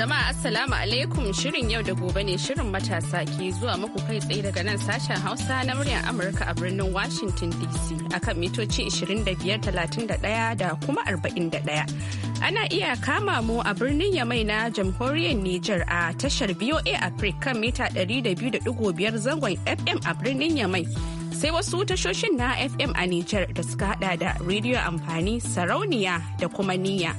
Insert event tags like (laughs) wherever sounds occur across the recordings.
Jama'a Assalamu alaikum shirin yau da gobe ne shirin matasa ke zuwa muku kai tsaye daga nan sashen Hausa na muryar Amurka a birnin Washington DC akan mitoci 25,31 da kuma 41. Ana iya kama mu a birnin Yamai na jamhuriyar Nijar a tashar BOA Africa kan mita 200.5 zangon FM a birnin Yamai. sai wasu tashoshin na FM a Nijar da suka hada da rediyo amfani sarauniya da kuma niyya.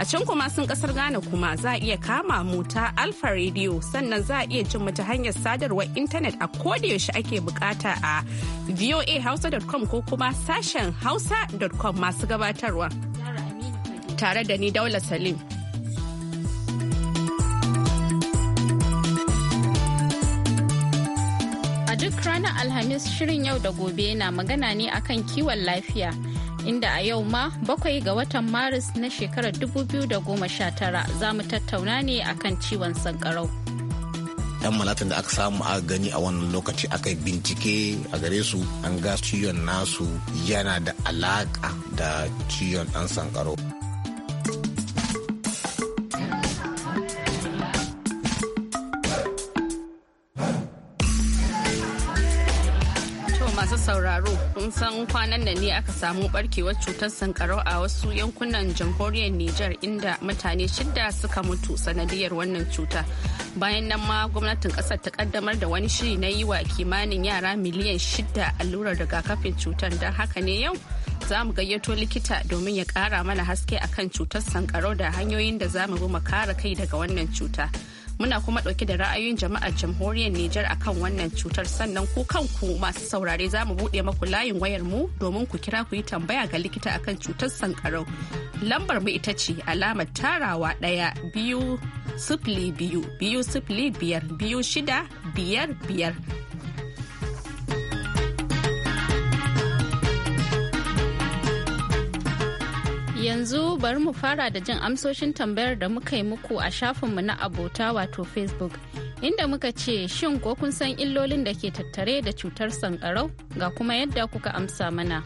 A can kuma sun kasar Ghana kuma za a iya kama mu ta Alfa Radio sannan za a iya jin mu ta hanyar sadarwar intanet a yaushe ake bukata a voahausa.com ko kuma sashen hausa.com masu gabatarwa. Tare da ni Daula Salim. Alhamis shirin yau da gobe na magana ne akan kiwon lafiya. Inda a yau ma bakwai ga watan Maris na shekarar 2019 za mu tattauna ne akan ciwon sankarau. yan malatin da aka samu a gani a wannan lokaci aka bincike a gare su an ga ciwon nasu yana da alaka da ciwon dan sankarau. kun san kwanan nan ne aka samu barkewar cutar sankarau a wasu yankunan jamhuriyar Nijar inda mutane shida suka mutu sanadiyar wannan cuta. Bayan nan ma gwamnatin kasar ta kaddamar da wani shiri na yi wa kimanin yara miliyan shida allurar rigakafin cutar don haka ne yau za mu gayyato likita domin ya kara mana haske akan cutar sankarau da hanyoyin da za mu bi mu kare kai daga wannan cuta. Muna kuma ɗauke da ra'ayoyin jama'ar jamhuriyar Nijar akan wannan cutar sannan ku kanku masu saurare za mu buɗe maku layin wayar mu domin ku kira ku yi tambaya ga likita akan cutar sankarau. Lambar mu ita ce alamar tarawa ɗaya biyu sifili biyu biyu sifili biyar biyu shida biyar biyar Yanzu bari mu fara da jin amsoshin tambayar da muka yi muku a shafinmu na abota wato Facebook. Inda muka ce shin ko kun san illolin da ke tattare da cutar sankarau ga kuma yadda kuka amsa mana.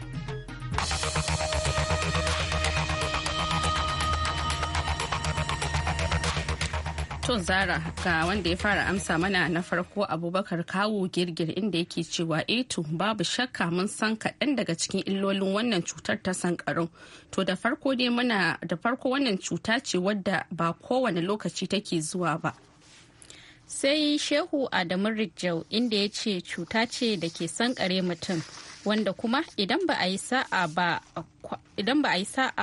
To Zara ga wanda ya fara amsa mana na farko Abubakar Kawo Girgir inda yake cewa eto eh babu shakka mun san kaɗan daga cikin illolin wannan cutar ta sankarau. To da farko dai muna da farko wannan cuta ce wadda ba kowane lokaci take zuwa ba. Sai Shehu Adamu Rijau inda ya ce cuta ce da ke sankare mutum. wanda kuma idan ba a yi sa'a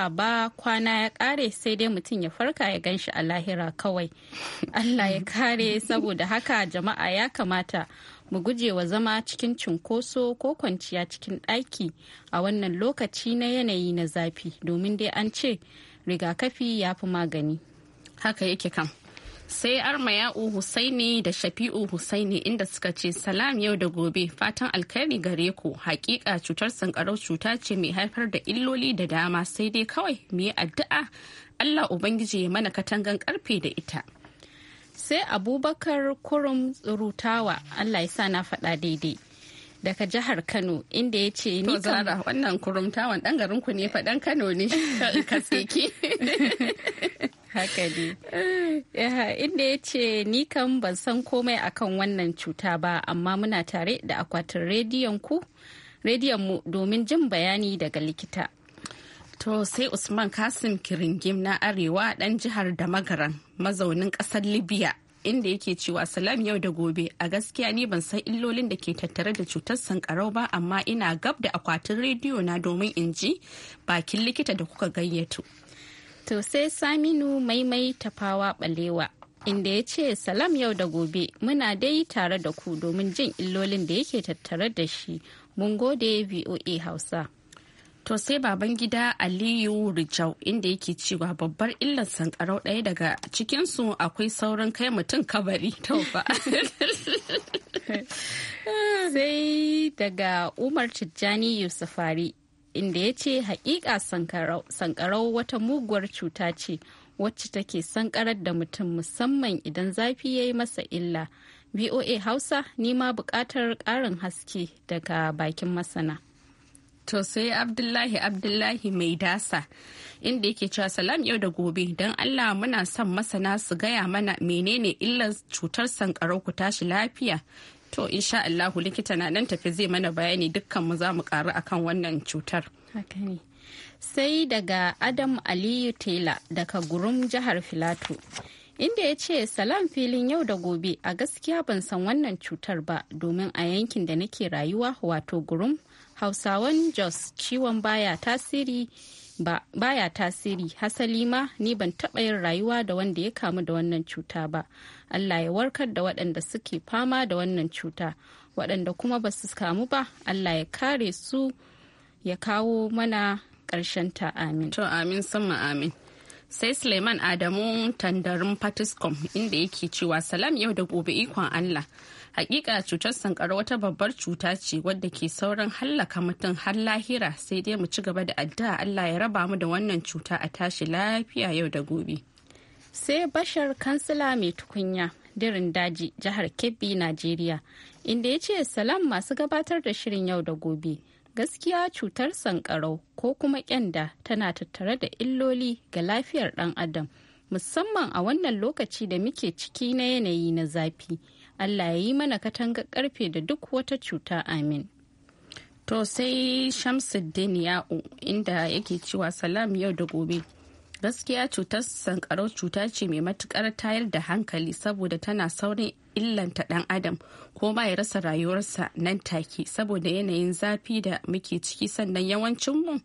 ba kwana ya kare sai dai mutum ya farka ya gan shi a lahira kawai (laughs) allah ya kare saboda haka jama'a ya kamata mu guje wa zama cikin cunkoso ko kwanciya cikin ɗaki a wannan lokaci na yanayi na zafi domin dai an ce rigakafi ya fi magani haka yake kam sai u husaini da shafi'u husaini inda suka ce salam yau da gobe fatan alkhairi gare ku hakika cutar sankarau cuta ce mai haifar da illoli da dama sai dai kawai mu yi addu'a allah ubangiji ya mana katangan karfe da ita sai abubakar kurum tsurutawa allah ya sa na faɗa daidai daga jihar Kano inda ya ce ni zara wannan kurumtawan dan garinku ku ne faɗan Kano ne (laughs) ka (laughs) haka ne (laughs) eh, inda ya ce ni kan ban san komai akan wannan cuta ba amma muna tare da akwatin rediyon ku rediyon mu domin jin bayani daga likita to sai usman kasim kiringim na arewa dan jihar da mazaunin kasar libya inda yake cewa salam yau da gobe a gaskiya ni ban san illolin da ke tattare da cutar sankarau ba amma ina gab da akwatin rediyo na domin in ji bakin likita da kuka gayyato To sai Saminu maimai tafawa balewa. Inda ya ce salam yau da gobe muna dai tare da ku domin jin illolin da yake tattare da shi. Mun gode VOA Hausa. To sai baban gida Aliyu Rijau inda yake cewa babbar illar sankarau ɗaya daga cikinsu akwai sauran kai mutum kabari tauba. (laughs) (laughs) sai daga Umar Tijjani Yusufari inda ya ce hakika sankarau wata muguwar cuta ce wacce take sankarar da mutum musamman idan zafi ya yi masa illa boa hausa nima buƙatar ƙarin haske daga bakin masana to sai abdullahi abdullahi mai dasa inda yake cewa salam yau da gobe don allah muna son masana su gaya mana menene illar cutar sankarau ku tashi lafiya To insha Allahu likita na nan tafi zai mana bayani dukkan mu za mu karu akan wannan cutar. Sai daga Adam Aliyu Taylor daga Gurum jihar Filato. Inda ya ce salam filin yau da gobe a gaskiya ban san wannan cutar ba domin a yankin da nake rayuwa wato gurum hausawan jos ciwon baya tasiri ba baya tasiri hasali ma ni ban taɓa yin rayuwa da wanda ya kamu da wannan cuta ba allah ya warkar da waɗanda suke fama da wannan cuta waɗanda kuma ba su kamu ba allah ya kare su ya kawo mana ƙarshen ta amin to amin sama amin sai suleiman adamu tandarin patiscom inda yake cewa salam yau da gobe ikon allah Hakika cutar sankara wata babbar cuta ce wadda ke sauran hallaka mutum har lahira sai dai mu ci gaba da addu'a Allah ya raba mu da wannan cuta a tashi lafiya yau da gobe. Sai bashar kansila mai tukunya dirin daji jihar Kebbi Najeriya inda ya ce salam masu gabatar da shirin yau da gobe. gaskiya cutar sankarau ko kuma kyanda tana tattare da illoli ga lafiyar dan adam musamman a wannan lokaci da muke ciki na yanayi na zafi Allah ya yi mana katanga karfe da duk wata cuta amin. To sai Shamsuddin Ya'u inda yake cewa salam yau da gobe. Gaskiya cutar sankarau cuta ce mai matukar tayar da hankali saboda tana saurin illanta dan adam ko ma ya rasa rayuwarsa nan take saboda yanayin zafi da muke ciki sannan yawancinmu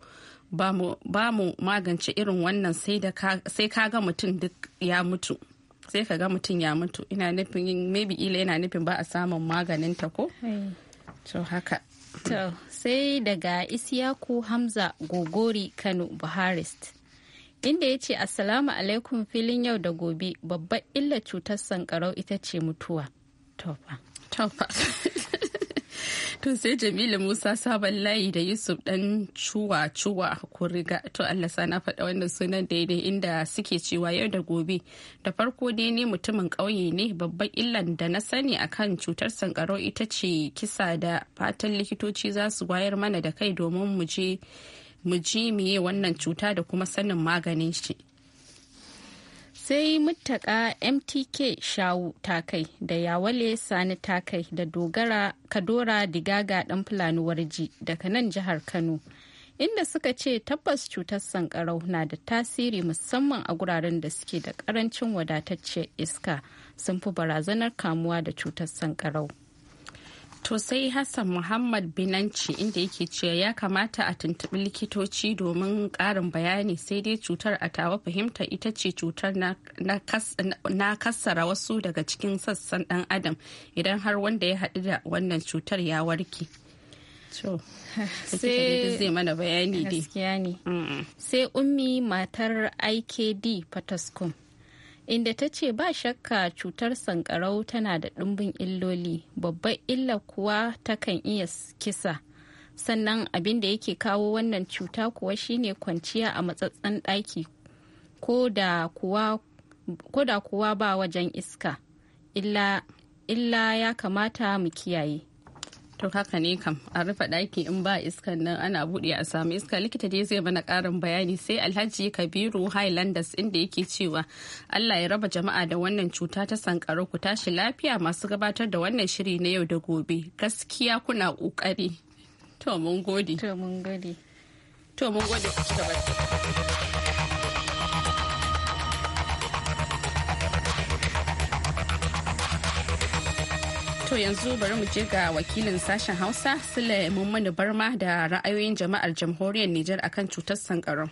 ba mu magance irin wannan sai ka ga mutum duk ya mutu. sai ka ga mutum ya mutu ina nufin yin maybe ila yana nufin ba a samun maganin ta ko to haka to sai daga isiyaku hamza gogori kano buharist inda ya ce assalamu alaikum filin yau da gobe babbar illa cutar sankarau ita ce mutuwa tofa (laughs) To sai Jamilu Musa sabon layi da Yusuf dan cuwa cuwa ko riga to Allah sana faɗa wannan sunan daidai inda suke cewa yau da gobe. Da farko dai ne mutumin ƙauye ne babban illan da na sani akan cutar sankarau ita ce kisa da fatan likitoci za su wayar mana da kai domin mu je mu ji miye wannan cuta da kuma sanin maganin shi. sai mutaka mtk shawu takai da yawale sani takai da dogara kadora digaga dan fulani warji daga nan jihar kano inda suka ce tabbas cutar sankarau na da tasiri musamman a guraren da suke da karancin wadataccen iska sun fi barazanar kamuwa da cutar sankarau To sai Hassan Muhammad Binanci inda yake cewa ya kamata a tuntuɓi likitoci domin ƙarin bayani sai dai cutar a tawa fahimta ita ce cutar na kassara wasu daga cikin sassan ɗan adam idan har wanda ya haɗu da wannan cutar ya warke. sai ummi matar IKD Fataskum. inda ta ce ba shakka cutar sankarau tana da ɗumbin illoli babbar illa kuwa takan iya kisa sannan abin da yake kawo wannan cuta kuwa shine kwanciya a matsatsen ɗaki ko da kuwa ba wajen iska illa ya kamata mu kiyaye to haka ne kam a rufe daki in ba iskan nan ana buɗe a samu iska likita dai zai mana ƙarin bayani sai alhaji kabiru highlanders inda yake cewa allah ya raba jama'a da wannan cuta ta sankara ku tashi lafiya masu gabatar da wannan shiri na yau da gobe gaskiya kuna ƙoƙari to mun gode to mun gode to mun gode To yanzu bari mu je ga wakilin sashen Hausa Sule Mummuni Barma da ra'ayoyin jama'ar jamhuriyar Nijar akan cutar sankarau.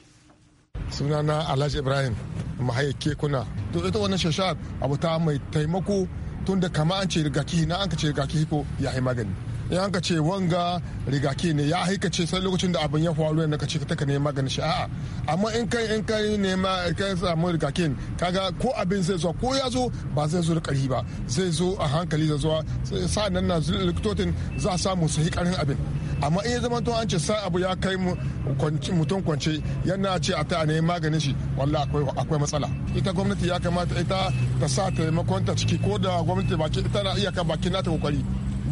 Sunana Alhaji Ibrahim mahaye kekuna. To ita wannan shashar abu ta mai taimako tun da kama an ce rigaki na an ka ce rigaki ko ya yi magani. in ka ce wanga rigaki ne ya haika sai lokacin da abin ya faru ne ka ce ka ne magani shi a'a amma in kai in kai nema kai samu rigaki kaga ko abin zai zo ko ya zo ba zai zo da ƙarfi ba zai zo a hankali da zuwa sa nan na likitocin za a samu su abin amma in ya zama to an ce sai abu ya kai mutum kwance yana ce a ta ne maganin shi walla akwai matsala ita gwamnati ya kamata ita ta sa taimakon ta ciki ko da gwamnati baki tana iyaka na ta kokari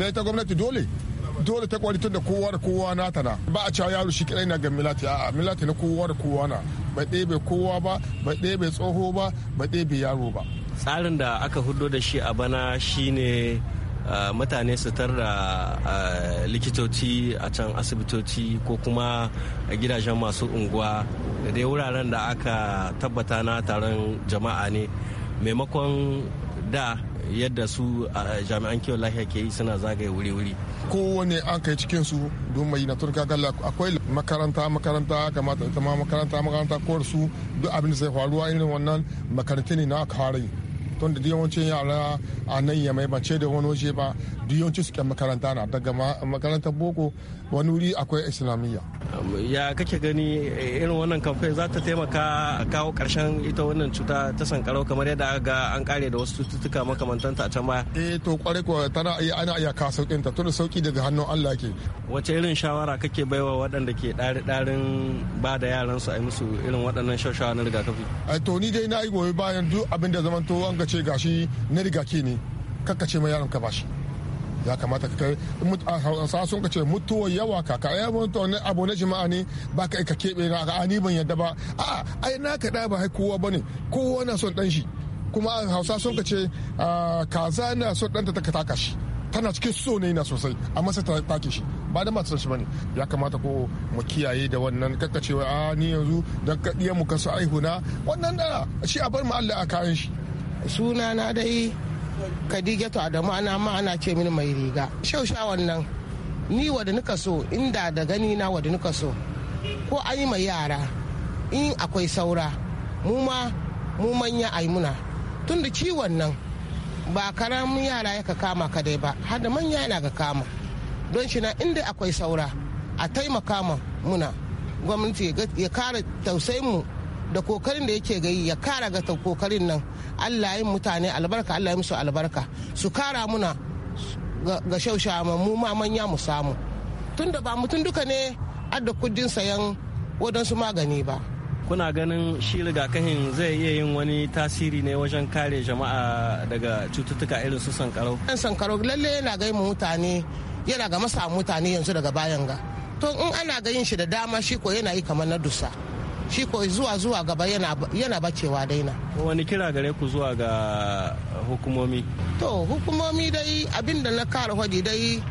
na ita gwamnati dole dole ta kwalitar da kowa da kowa na ta na ba a cewa yaro shi kadai na ga milati a'a milati na kowa da kowa na ba ɗebe kowa ba ba ɗebe tsoho ba ba ɗebe yaro ba tsarin da aka hudo da shi a bana shine mutane su da likitoci a can asibitoci ko kuma gidajen masu unguwa da dai wuraren da aka tabbata na taron jama'a ne maimakon da yadda su jami'an kiwon lafiya ke yi suna zagaye wuri-wuri kowane an kai cikin su don mai na turka galla akwai makaranta makaranta kamata ita ma makaranta makaranta kowar su duk abin da zai faruwa irin wannan makaranta ne na aka tun da yawancin yara a nan ya mai bace da wani waje ba duk yawancin su makaranta na daga makarantar boko wani wuri akwai islamiyya ya kake gani eh, irin wannan kamfe za ta taimaka a kawo karshen ita wannan cuta ta sankarau kamar yadda ga an kare da wasu cututtuka makamantanta a can baya eh to kware ko tana iya ana iya ka saukin ta tunda sauki daga hannun Allah ke wace irin shawara kake baiwa waɗanda ke ɗari ɗarin ba da yaran su a musu irin waɗannan shawara na rigakafi eh, to ni dai na yi goyi bayan duk abin da zamanto an ga ce gashi na rigaki ne kakkace ma yaron ka bashi ya kamata ka kai sa sun ce mutuwar yawa kaka ya mutuwa ne abu na jima'a ne ba ka ka keɓe na a ni ban yadda ba a ai na ka ba hai kowa bane kowa na son dan shi kuma hausa sun ce kaza na son ɗanta ta taka shi tana cikin so ne na sosai a masa ta take shi ba da matar shi bane ya kamata ko mu kiyaye da wannan kakkacewa a ni yanzu dan kadiyan mu kasu aihuna wannan da shi a bar mu Allah a kayan shi suna na dai Khadijatu Adamu ana ma ana ce mini mai riga. Shaushawan nan ni wadda nika so inda da gani na wadda nika so ko an yi mai yara in akwai saura mu ma mu manya a muna da ciwon nan ba karamin yara ya ka kama ka ba har manya yana ga kama don shi na inda akwai saura a taimaka ma muna gwamnati ya kara tausayin mu da kokarin da yake gayi ya kara ga kokarin nan allah yin mutane albarka allah musu albarka su kara muna ga shaushama mu ma manya mu samu tunda ba mutum duka ne adda kudin sayan wadansu magani ba kuna ganin shi rigakafin zai iya yin wani tasiri ne wajen kare jama'a daga cututtuka irin su sankarau sankarau lalle yana gai mu mutane yana ga masa mutane yanzu daga bayan ga to in ana ga shi da dama shi ko yana yi kamar na dusa shi ko zuwa zuwa gaba yana bacewa daina wani kira gare ku zuwa ga hukumomi to hukumomi dai abinda na kara hodi dai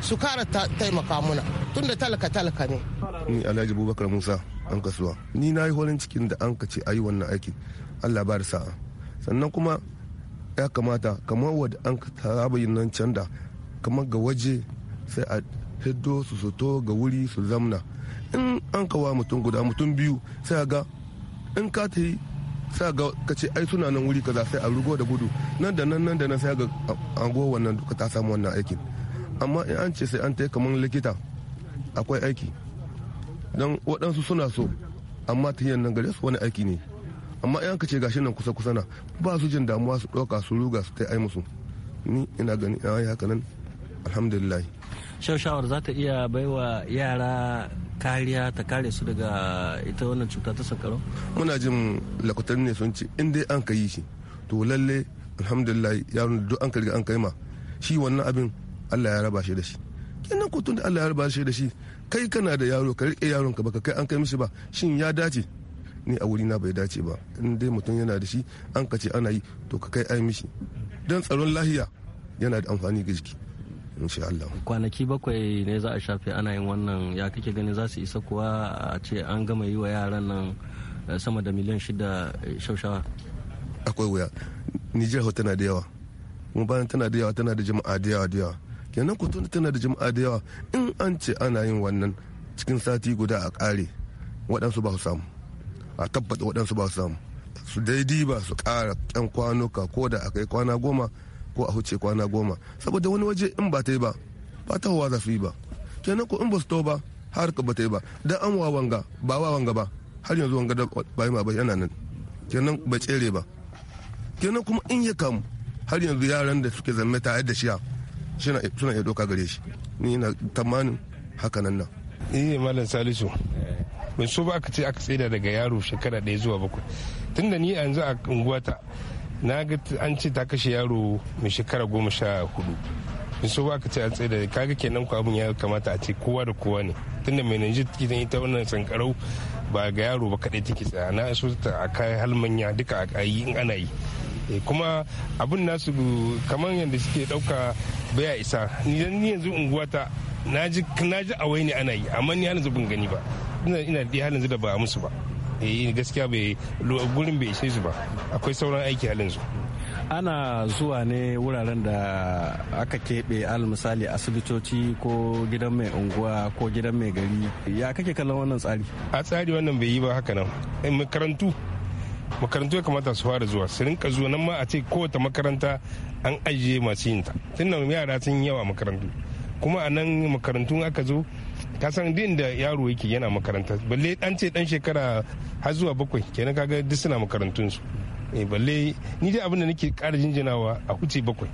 su kara taimaka muna tunda talaka talaka ne ni alhaji bubakar musa an kasuwa ni na yi holin cikin da an ka ce ayi wannan aiki allah ba da sa'a sannan kuma ya kamata kamar wadda an ka saba yin nan can da kamar ga waje sai a hiddo su soto ga wuri su zamna in an kawa mutum guda mutum biyu sai ga in ka ta yi sai ga ka ce ai suna nan wuri kaza sai a rugo da gudu nan da nan nan da nan sai ga ango wannan duka ta samu wannan aikin amma in an ce sai an yi kamar likita akwai aiki don waɗansu suna so amma ta nan gare su wani aiki ne amma in ka ce gashi nan kusa kusa na ba su jin damuwa su ɗauka su ruga su tai ai musu ni ina gani yi haka nan alhamdulillah shawar za ta iya baiwa yara kariya ta kare su daga ita wannan cuta ta sankarau muna jin lakutan ne sun ce in dai an ka yi shi to lalle alhamdulillah yaron duk an karga an kai ma shi wannan abin Allah ya raba shi da shi kenan kotun da Allah ya raba shi da shi kai kana da yaro ka rike yaron ka baka kai an kai mishi ba shin ya dace ni a wurina bai dace ba in dai mutum yana da shi an ka ce ana yi to ka kai ai mishi don tsaron lahiya yana da amfani ga jiki insha Allah kwanaki bakwai ne za a shafe ana yin wannan ya kake gani za su isa kuwa a ce an gama yi wa yaran nan eh, sama da miliyan shida eh, shaushawa akwai wuya nijar tana da yawa kuma bayan tana da yawa tana da jama'a da yawa da yawa kenan ku tana da jama'a da yawa in an ce ana yin wannan cikin sati guda a kare waɗansu ba su samu a tabbata waɗansu ba su samu su daidai ba su ƙara ƴan kwanuka ko da aka yi kwana goma ko a huce kwana goma saboda wani waje in ba ta yi ba ba ta hawa za su yi ba kenan ko in ba su to ba har ka ba ta yi ba dan an wa wanga ba wa wanga ba har yanzu wanga da bayi ma ba yana nan kenan ba tsere ba kenan kuma in ya kamu har yanzu yaran da suke zanne ta da shi suna iya doka gare shi ni ina tamanin haka nan nan iya eh, malam salisu bai so ba aka ce aka tsira daga yaro shekara ɗaya zuwa bakwai tunda ni yanzu a unguwata na ga an ce ta kashe yaro mai shekara goma sha hudu in so ka ce a tsaye da kaga kenan ko abin ya kamata a ce kowa da kowa ne tunda mai nanji kitan ita wannan sankarau ba ga yaro ba kadai take tsaya na so ta a kai halmanya duka a yi in ana yi eh, kuma abin nasu kamar yadda suke dauka baya isa ni yanzu unguwa ta na ji a wai ne ana yi amma ni halin zubin gani ba ina da halin da ba a musu ba eh gaskiya bai gurin bai ishe su ba akwai sauran aiki halin su ana zuwa ne wuraren da aka keɓe al misali asibitoci ko gidan mai unguwa ko gidan mai gari ya kake kallon wannan tsari a tsari wannan bai yi ba haka nan eh, makarantu makarantu ya kamata su fara zuwa su rinka zuwa nan ma a ce kowace makaranta an ajiye masu yinta tun nan yara sun yawa makarantu kuma a nan makarantu aka zo kasan din da yaro yake yana makaranta balle an ce dan shekara har zuwa bakwai kenan kaga duk suna makarantunsu eh, balle ni dai abin da nake kara jinjinawa a huce bakwai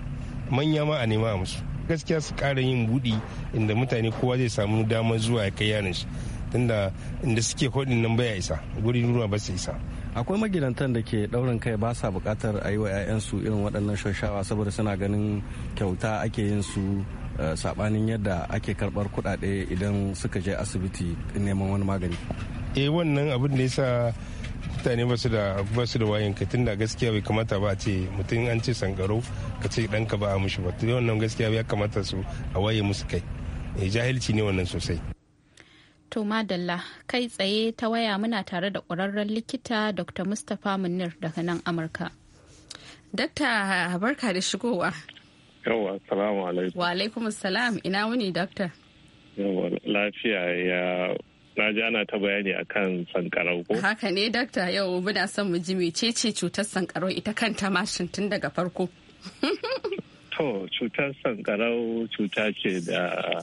manya ma a nema a musu gaskiya su kara yin budi inda mutane kowa zai samu damar zuwa ya kai yaran shi tunda inda suke hodin nan baya isa guri ruwa ba su isa akwai magidantan da ke daurin kai ba sa bukatar a yi wa 'ya'yansu irin waɗannan shoshawa saboda suna ganin kyauta ake yin su Eh, sabanin yadda ake karbar kuɗaɗe idan suka je asibiti neman wani magani eh wannan abin da yasa mutane ba su da ba su da wayin ka tunda gaskiya bai kamata ba a ce mutum an ce sankaro ka ce dan ka ba a mushi ba to wannan gaskiya ya kamata su a waye musu kai eh, jahilci ne wannan sosai to madalla kai tsaye ta waya muna tare da ƙwararren likita dr mustapha munir daga nan amurka dakta barka da shigowa Yawwa, salamu alaikum. Wa alaikum salam, ina wuni dokta? Yawwa, lafiya ya na ji ana ta bayani akan sankarau ko? Haka ne dokta yau muna son mu ji mecece cutar sankarau ita kanta mashin tun daga farko. To, cutar sankarau cuta ce da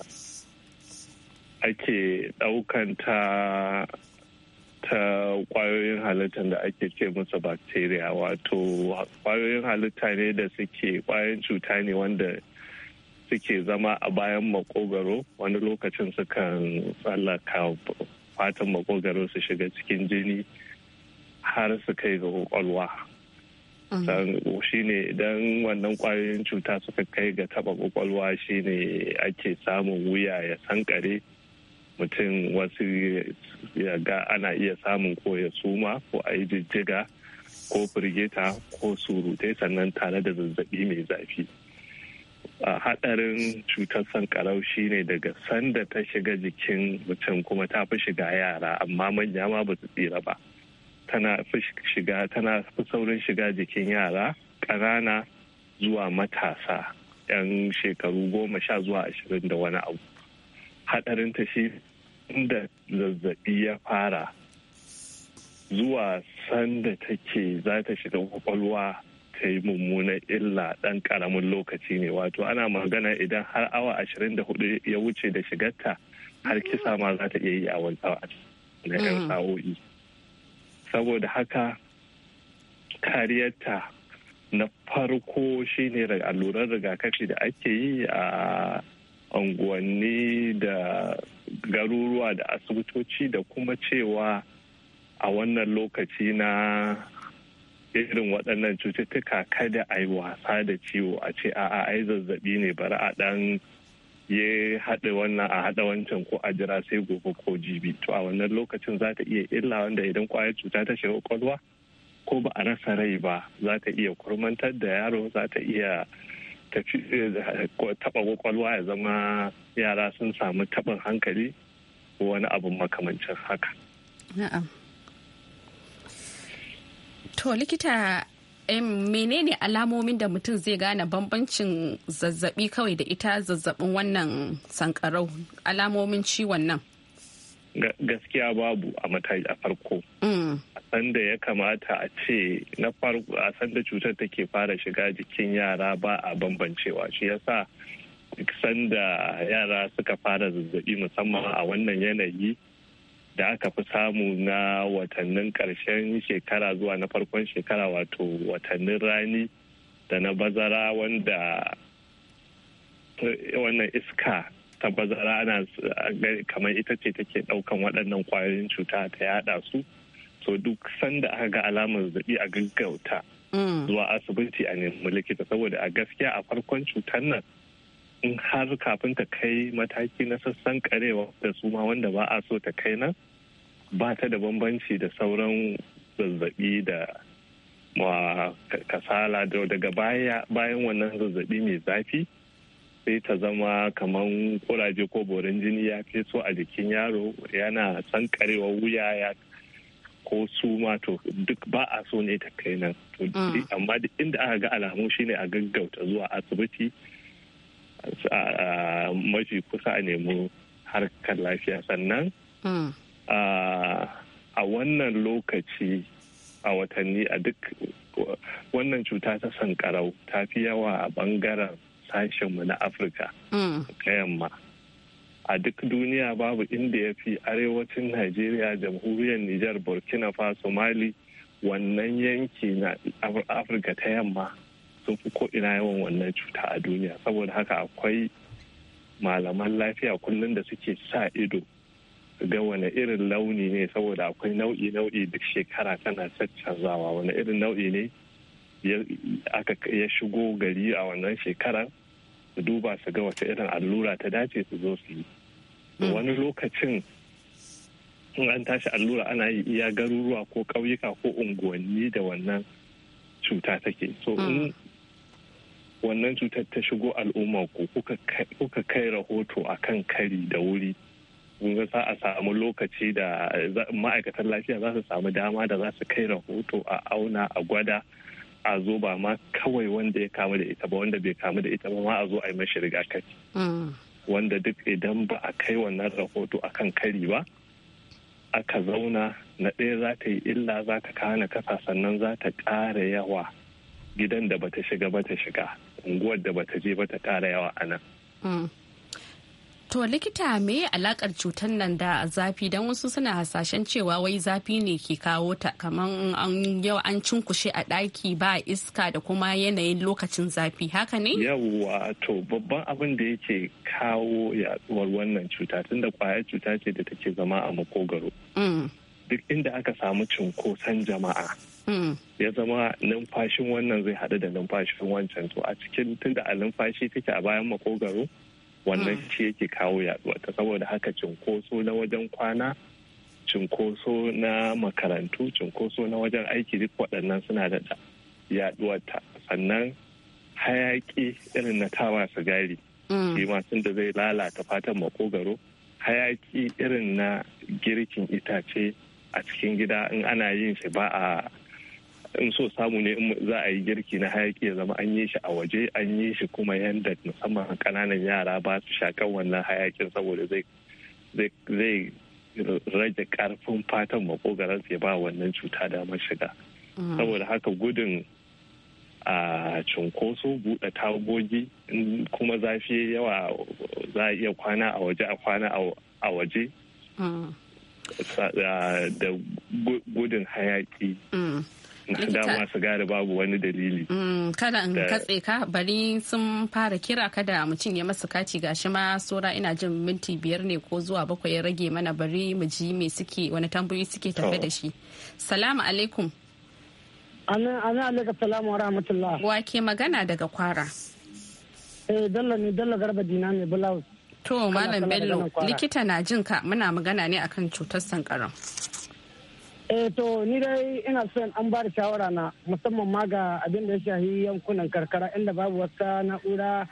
ake ɗaukanta ta kwayoyin halittar da ake ce musu bacteria wato kwayoyin halitta ne da suke kwayoyin cuta ne wanda suke zama a bayan makogaro wani lokacin sukan tsallaka fatan makogaro su shiga cikin jini har su kai ga kwakwalwa mm-hmm. shine idan wannan kwayoyin cuta suka kai ga taba kwakwalwa shine ake samun wuya ya sankare mutum wasu ya ga ana iya samun ko ya suma ko a yi jijjiga ko firgita ko surutai sannan tare da zazzabi mai zafi a hadarin cutar sankarau shine daga sanda ta shiga jikin mutum kuma ta fi shiga yara amma manya ma ba su tsira ba tana fi shiga tana fi saurin shiga jikin yara ƙanana zuwa matasa 'yan shekaru goma sha zuwa ashirin da wani abu Hadarin ta shi inda zazzabi ya fara zuwa sanda take za ta shiga kwakwalwa ta yi mummunan illa ɗan karamin lokaci ne wato ana magana idan har awa ashirin da hudu ya wuce da shigarta har kisa ma za ta iya yi a wanzawa na yan mm. sa'o'i saboda haka kariyarta na farko shine alluran rigakafi da ake yi a unguwanni da garuruwa da asibitoci da kuma cewa a wannan lokaci na irin waɗannan cututtuka kada a yi wasa da ciwo a ce a'a ai zazzabi ne bari a ɗan ya haɗa wannan a haɗa wancan ko a jira sai gobe ko jibi to a wannan lokacin za ta iya illa wanda idan kwayar cuta ta shiga kwakwalwa ko ba a rasa rai ba za ta iya kurmantar da yaro za ta iya Eh, taɓa kwakwalwa ya zama yara sun samu taɓin hankali ko wani abu makamancin haka. Na'am. To likita menene alamomin da mutum zai gane bambancin zazzabi kawai da ita zazzabin wannan sankarau alamomin ciwon nan? gaskiya babu a mataki a farko mm. a sanda ya kamata a ce na farko a sanda cutar take fara shiga jikin yara ba a bambancewa shi yasa sanda yara suka fara zazzabi musamman a wannan yanayi da aka fi samu na watannin karshen shekara zuwa na farkon shekara wato watannin rani da na bazara wanda eh, wannan iska tabbazara ana kamar ita ce take daukan waɗannan kwayoyin cuta ta yada su to duk sanda aka ga alamar zazzabi a gaggauta mm. zuwa asibiti a nemi likita saboda a gaskiya a farkon cutar nan in har kafin ta kai mataki na sassan karewa da su ma wanda ba a so ta kai nan ba ta da bambanci da sauran zazzabi da kasala daga bayan wannan zazzabi mai zafi sai ta zama kamar kuraje ko borin jini ya so a jikin yaro yana sankarewa wuya ya ko suma to duk ba a so ne ta kai nan mm. amma duk inda aka ga alamu shine a gaggauta zuwa asibiti mafi kusa a nemi harkar lafiya sannan mm. a wannan lokaci a watanni a duk wannan cuta ta sankarau ta fi yawa a bangaren sashenmu na afirka mm. ta yamma a duk duniya babu inda ya fi arewacin najeriya jamhuriyar nijar burkina faso mali wannan yanki na afirka ta yamma sun fi ko'ina yawan wannan cuta a duniya saboda haka akwai malaman lafiya kullum da suke sa ido ga wani irin launi ne saboda akwai nau'i-nau'i duk shekara tana caccanzawa wani irin nau'i ne ya shigo gari a wannan shekarar su duba su ga wata irin allura ta dace su zo su yi hmm. wani lokacin in an tashi allura ana yi iya garuruwa ko ƙauyuka ko unguwanni da wannan cuta take so in hmm. wannan cutar ta shigo al'umma ku kuka kai rahoto a kan kari da wuri ga za a samu lokaci da ma'aikatan lafiya za su samu dama da za su kai rahoto a auna a gwada a zo ba ma kawai wanda ya kamu da ita ba wanda bai kamu da ita ba ma a zo a yi mashi rigakafi mm. wanda duk idan ba a kai wannan rahoto a kan kari ba aka zauna na ɗaya za ta yi illa za ta kana kasa sannan za ta ƙara yawa gidan da ba ta shiga ba ta shiga unguwar da ba ta je ba ta ƙara yawa a nan mm. To likita me alakar cutar nan da zafi don wasu suna hasashen cewa wai zafi ne ke kawo ta kamar an yau an cinkushe a ɗaki ba iska da kuma yanayin lokacin zafi haka ne? Yawwa to babban abin da yake kawo yaduwar wannan cuta tunda kwayar cuta ce da take zama a makogaro. Mm. Duk inda aka samu cunkoson jama'a. Mm. ya zama numfashin wannan zai haɗu da numfashin wancan to a cikin tunda a numfashi take a bayan makogaro wannan ce hmm. yake kawo yaduwa ta saboda haka cinkoso na wajen kwana cinkoso na makarantu cinkoso na wajen aiki duk waɗannan suna da yaduwar ta sannan hayaƙi irin na tawa sigari hmm. shi ma da zai lalata fatan makogaro hayaƙi irin na girkin itace a cikin gida in ana yin shi ba a in so samu ne za a yi girki na hayaki ya zama an yi shi a waje an yi shi kuma yadda musamman kananan yara ba su shakan wannan hayakin saboda zai rage karfin fatan makogaran ya ba wannan cuta damar shiga mm. saboda haka gudun a cunkoso buɗe tagogi kuma zafi yawa za a iya kwana a waje a kwana a waje mm. da gudun hayaki mm. dama sigari babu wani dalili mm, kada in katse ka bari sun fara kira kada mu cinye masu kati gashi ma sora ina jin minti biyar ne ko zuwa bakwai ya rage mana bari mu ji me suke wani tambayi suke tafe da shi salamu alaikum ana alaikum salamu wa rahmatullah wa ke magana daga kwara eh dalla ne dalla garba dina ne blouse To Malam Bello likita na jin ka muna magana ne akan cutar sankaran. eh to ni dai ina son an ba da shawara na musamman ma ga abin da ya shahi yankunan karkara inda babu wata na'ura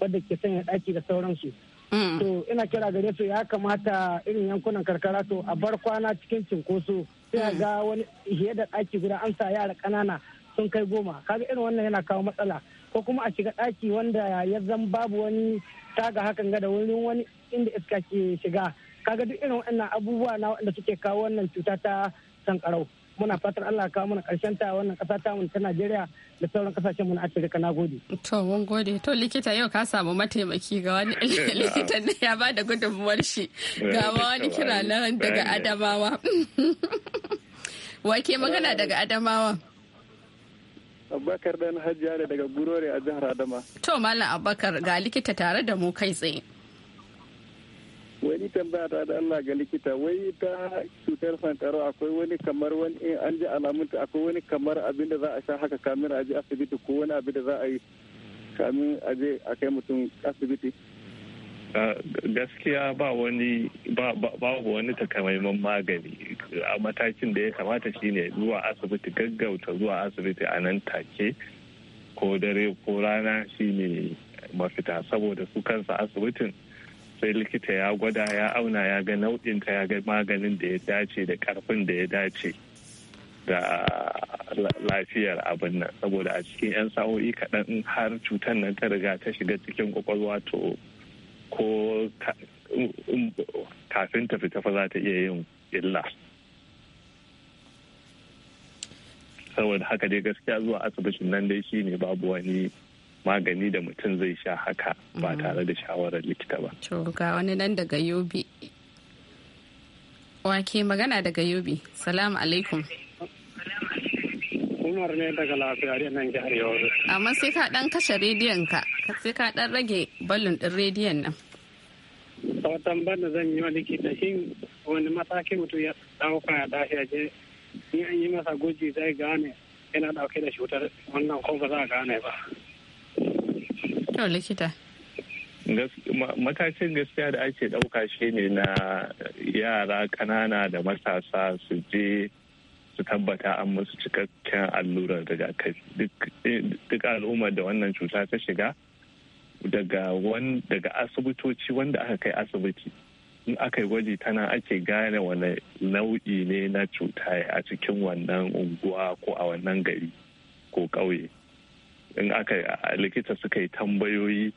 wadda ke sanya daki da sauransu mm. to ina kira gare su ya kamata irin yankunan karkara to a bar kwana cikin cinkoso sai a mm. ga wani fiye da daki guda an sa yara kanana sun kai goma kaga irin wannan yana kawo matsala ko kuma a shiga daki wanda ya zan babu wani taga hakan ga da wurin wani inda iska ke shiga kaga duk irin wannan abubuwa na wanda suke kawo wannan cuta ta sankarau muna fatar Allah kawo mana karshen ta wannan kasa ta ta Najeriya da sauran kasashen mun na Afirka na gode. To mun gode to likita yau ka samu mataimaki ga wani (laughs) likita ne ya ba da gudunmuwar shi ga eh, wani kira nan daga Adamawa. (laughs) Wake magana daga Adamawa. Abubakar dan Hajjiyare daga Gurore a jihar Adama. To Malam Abubakar ga likita tare da mu kai tsaye. wani tambaya ta da Allah ga likita wai ta cutar sankarau akwai wani kamar wani in eh, an ji alamunta akwai wani kamar abin da za a sha haka kamin a je asibiti ko wani abin da za a yi kamin a je a kai mutum asibiti gaskiya ba wani babu wani takamaiman magani a matakin da ya kamata shine zuwa asibiti gaggauta zuwa asibiti a nan take ko dare ko rana shine mafita saboda su kansa asibitin sai likita ya gwada ya auna ya ga nau'inta ya ga maganin da ya dace da karfin da ya dace da lafiyar abin nan saboda a cikin 'yan sa'o'i kaɗan har cutar nan ta riga ta shiga cikin kwakwalwa to ko kafin ta fita za ta iya yin illa saboda haka dai gaskiya zuwa asibitin nan dai ne babu wani magani da mutum zai sha haka ba mm. tare da shawarar likita ba. ga wani nan daga yobi. Wake magana daga yobi. Salamu alaikum. Umar ne daga lafiyari nan jihar Yobe. Amma sai ka dan kashe rediyon ka, sai ka dan rage balun din rediyon nan. Sau tambar da zan yi wani likita shi wani mataki mutum ya dauka ya tashi ya je in an yi masa guji zai gane yana dauke da cutar wannan ko ba za a gane ba. To likita. Matakin gaskiya da ake ɗauka shi ne na yara ƙanana da matasa su je su tabbata an musu cikakken allurar rigakafi duk al'ummar da wannan cuta ta shiga daga asibitoci wanda aka kai asibiti in aka yi gwaji tana ake gane wani nau'i ne na cuta a cikin wannan unguwa ko a wannan gari ko ƙauye. in aka likita suka yi tambayoyi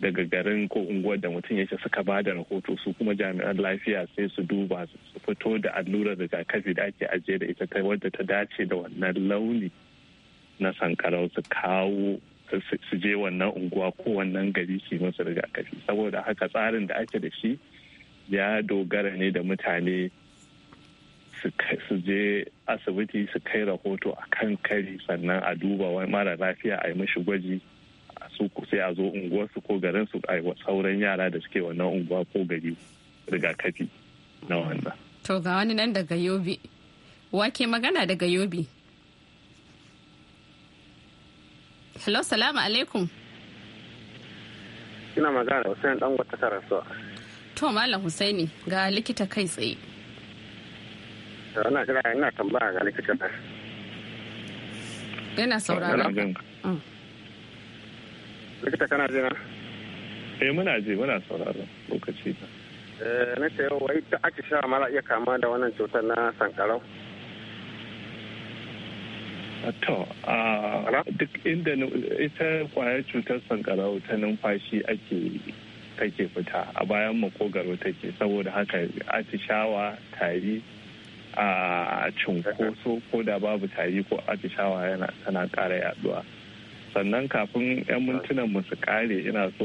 daga garin ko unguwar da mutum yake suka ba da rahoto su kuma jami'an lafiya sai su duba su fito da allurar rigakafi da ake ajiye da ita ta wadda ta dace da wannan launi na sankarau su kawo su je wannan unguwa ko wannan gari su musu rigakafi saboda haka tsarin da ake da shi ya dogara ne da mutane su je asibiti su kai rahoto a kan kari sannan a duba wani mara lafiya a yi mashi gwaji su sai a zo unguwarsu ko garinsu a yi sauran yara da suke wannan unguwa ko gari rigakafi na wannan. To ga wani nan daga Yobe. Wake magana daga Yobe. Hello, salamu alaikum. Ina magana Hussein Dangote Karasuwa. To Malam Husaini ga likita kai tsaye. Ina kira ina tambaya ga likita da. Ina sauraron. Mm. Likita kana jina? Eh muna je muna sauraron lokaci ba. Eh, na ce yau wai ta ake sha mara iya kama da wannan cutar na sankarau. Ah, to, ah, duk inda ita kwayar cutar sankarau ta numfashi ake take fita a bayan makogaro take saboda haka atishawa tari a cunkoso ko da babu tari ko atishawa yana tana kara yaduwa sannan kafin 'yan mintunan mu su kare ina so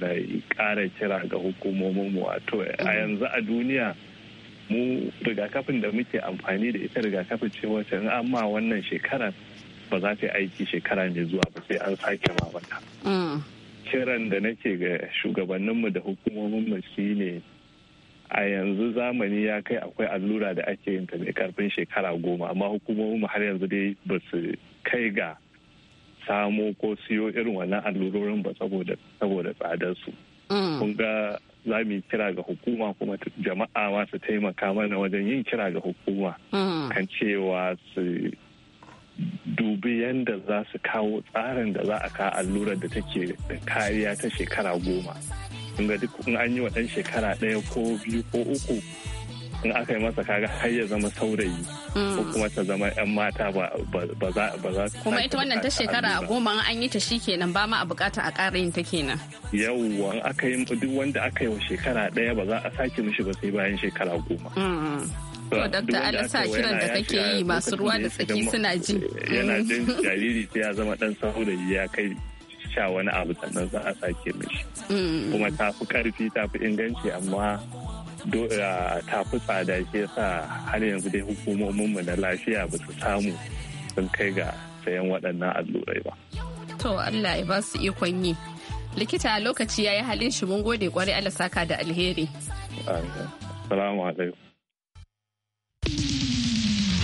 da ƙara kira ga hukumomin mu wato a mm. yanzu a duniya mu rigakafin da muke amfani da ita rigakafin ce wacce in amma wannan shekarar ba za ta yi aiki shekara mai zuwa ba sai an sake ma wata. Mm. Kiran da nake ga shugabanninmu da hukumominmu shine a yanzu zamani ya kai akwai allura da ake yin ta mai karfin shekara goma amma hukumomin har yanzu dai ba su kai ga samo ko siyo irin wannan allurorin ba saboda tsadar su mm. kun ga za mu kira ga hukuma kuma jama'a ma su taimaka mana wajen yin kira ga hukuma mm. kan cewa su dubi yadda za su kawo tsarin da za a ka allurar da take da kariya ta shekara goma kun ga duk an yi wa ɗan shekara ɗaya ko biyu ko uku in aka yi masa kaga har ya zama saurayi ko mm. kuma ta zama yan mata ba za ba za kuma ita wannan ta shekara goma an yi ta shi kenan ba ma a bukata a ƙara yin ta kenan yawwa in aka yi duk wanda aka yi wa shekara ɗaya ba za a sake mishi ba sai bayan shekara goma mm. To, Dr. Alisa kiran da kake yi masu ruwa da tsaki suna ji. Yana jin (laughs) jariri sai ya zama ɗan saurayi ya kai sha wani abu sannan za a sake mishi mm. kuma ta fi karfi ta fi inganci amma ah, ta fi tsada shi yasa har yanzu dai hukumominmu na lafiya ba su samu sun kai ga sayan waɗannan allurai ba. To Allah ya ba su ikon yi. Likita lokaci ya yi halin shi mun gode kwarai Allah saka da alheri. Salamu alaikum.